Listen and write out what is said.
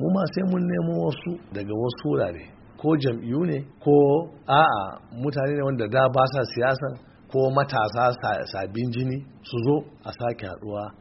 mu ma sai mun nemo wasu daga wasu wurare ko jam'iyyu ne ko a'a mutane ne wanda da ba sa siyasa ko matasa sabin jini su zo a sake haɗuwa.